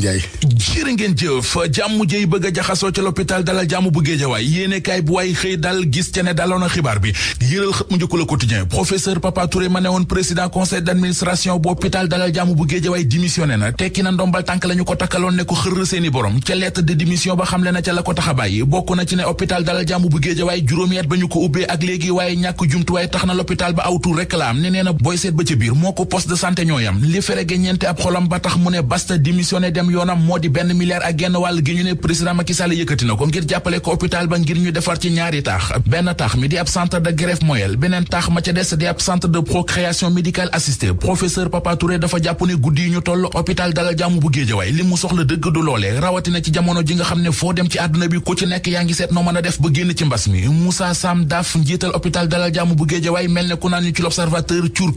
Ndiaye jërë ngeen jëf jàmm jëy bëgg a jaxasoo ci l'hôpital dalal jàmm bu Géejawaay yéene bu waay xëy dal gis ca ne daloon xibaar bi yëral xët mu njëkk la quotidien professeur Papa ma ne woon président conseil d'administration bu hôpital dalal jàmm bu Géejawaay démissionné na tekki na ndombal tànk la ko takkaloon ne ko xërr seeni borom ca lettre de démission ba xamle na ca la ko tax bàyyi bokk na ci ne hôpital dalal jàmm bu Géejawaay juróomi at moom yoonam moo di benn milliard ak genn wàll gi ñu ne président Macky Sall yëkkati na ko ngir jàppale ko hôpital ba ngir ñu defar ci ñaari taax benn taax mi di ab centre de greffe moelle beneen taax ma ca des di ab centre de procréation médicale assistée professeur Papa dafa jàpp ne guddi yi ñu toll hôpital Dalal Jàmm bu Géejawaay li mu soxla dëgg du loolee rawatina ci jamono ji nga xam ne foo dem ci àdduna bi ku ci nekk yaa ngi seet noo mën a def ba génn ci mi Moussa Sam Daf njiital hôpital Dalal Jàmm bu Géejawaay mel ne ku naan ñu ci l'observateur cuur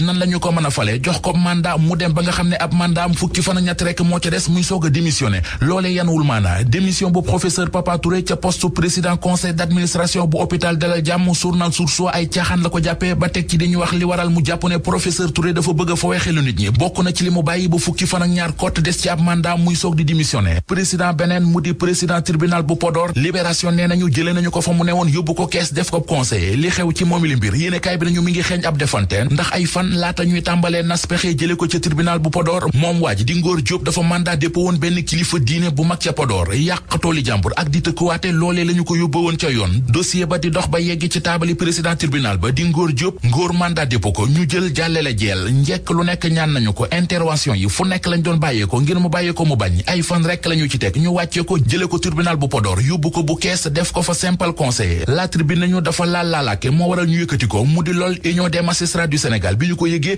nan lañu ko mën a fale jox ko mandat mu dem ba nga xam ne ab mandat am fukki fan ak rek moo ca des muy soog a démissionné loolee yanwul maana démission bu professeur Papa Touré ca poste président conseil d'administration bu hôpital Dalal Jàmm journal Source A ay caaxaan la ko jàppee ba teg ci dañuy wax li waral mu jàpp ne professeur Touré dafa bëgg a fowee xelu nit ñi bokk na ci li mu bàyyi ba fukki fan ñaar kott des ci ab mandat muy soog di démissionné président beneen mu di président tribunal bu Podor libération nee nañu jëlee nañu ko fa mu ne woon yóbbu ko kees def ko conseiller li xew dafa mandat dépôt woon benn kilifa diine bu mag ca Podor yàq tooli jàmbur ak di tëkkuwaate loolee la ko yóbbu woon ca yoon dossier ba di dox ba yegg ci taabali président tribunal ba di ngóor jóob ngóor mandat dépôt ko ñu jël jàllale jeel njekk lu nekk ñaan nañu ko intervention yi fu nekk lañ doon bàyyee ko ngir mu bàyyee ko mu bañ ay fan rek la ñu ci teg ñu wàccee ko jële ko tribunal bu Podor yóbbu ko bu kees def ko fa simple conseiller la tribune nañu dafa laal laalaake moo waral ñu yëkkati ko mu di lool union des magistrats du bi ko yëgee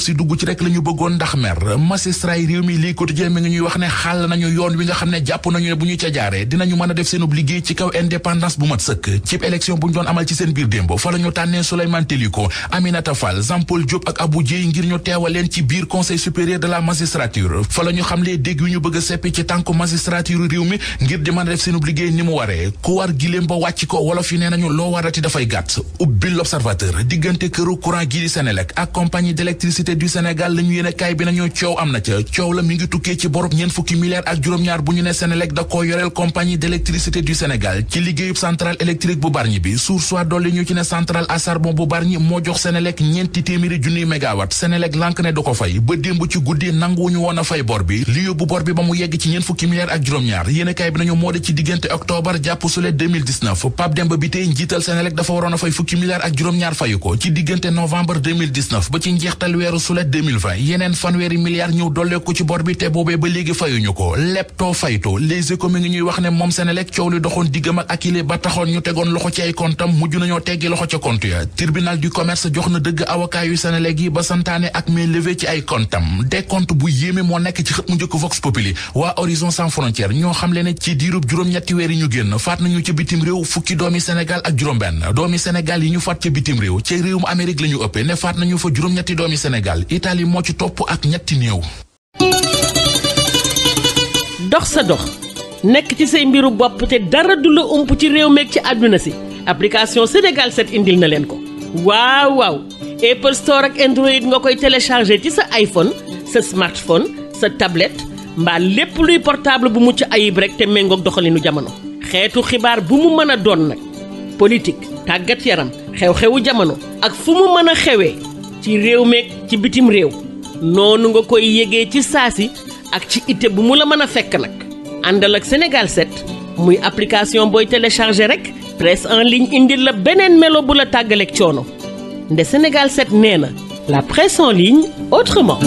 si dugg ci rek la ñu bëggoon ndax mer magistrat yi Quotidien mi ngi ñuy wax ne xàll nañu yoon wi nga xam ne jàpp nañu ne bu ñu ca jaaree dinañu mën a def seenub liggéey ci kaw indépendance bu mat sëkk cib élection bu ñu doon amal ci seen biir démb fa la tànnee Souleymane Teliko Aminata Fall Jean Paul Diop ak Abou Dieye ngir ñu teewal leen ci biir conseil supérieur de la magistrature fa la ñu xamlee dégg yu ñu bëgg seppi ci tànku magistrature réew mi ngir di mën def seenub liggéey ni mu waree ku war giléem ba wàcc ko wolof yi nee nañu tukkee ci borob ñeent fukki milliards ak juróom-ñaar bu ñu ne Senelec da koo yoreel compagnie d'électricité ba démb ci guddi nanguwuñu woon a fay bor bi li yóbbu bor bi ba mu yegg ci ñeent fukki milliards ak juróom-ñaar fayu ko ci diggante novembre ba ci njeextal weeru sule yeneen fanweeri milliards ñëw dolleeku ci bor bi te boobee ba léegi fayuñu ko leptoo faytoo les économies ngi ñuy wax ne moom Senelec coow li doxoon diggam ak Akilee ba taxoon ñu tegoon loxo ci ay kontam mujj nañoo teggi loxo ca compte ya tribunal du commerce jox na dëgg avocat yu Senelec yi ba santaane ak mainlevée ci ay kontam décompte bu yéeme moo nekk ci xët mu njëkk Vox Populi waa Horizon san frontières ñoo xam le ne ci diirub juróom-ñetti weer yi ñu génn faat nañu ci bitim réew fukki doomi Sénégal ak juróom doomi Sénégal yi ñu faat bitim réew ci réewum Amérique la ñu ëppee ne faat nañu fa juróom-ñetti doomi Sénégal moo ci topp ak ñetti néew dox sa dox nekk ci say mbiru bopp te dara du la ump ci réew meek ci àdduna si application Sénégal 7 indil na leen ko waaw waaw Apple Store ak Android nga koy télécharger ci sa iPhone sa smartphone sa tablette mbaa lépp luy portable bu mucc ayib rek te méngoog doxalinu jamono xeetu xibaar bu mu mën a doon nag politique tàggat yaram xew-xewu jamono ak fu mu mën a xewee ci réew meeg ci bitim réew noonu nga koy yégee ci saa si ak ci ité bu mu la mën a fekk nag àndal ak Sénégal 7 muy application booy téléchargé rek presse en ligne indil la beneen melo bu la tàggaleeg coono nde Sénégal 7 nee na la presse en ligne autrement.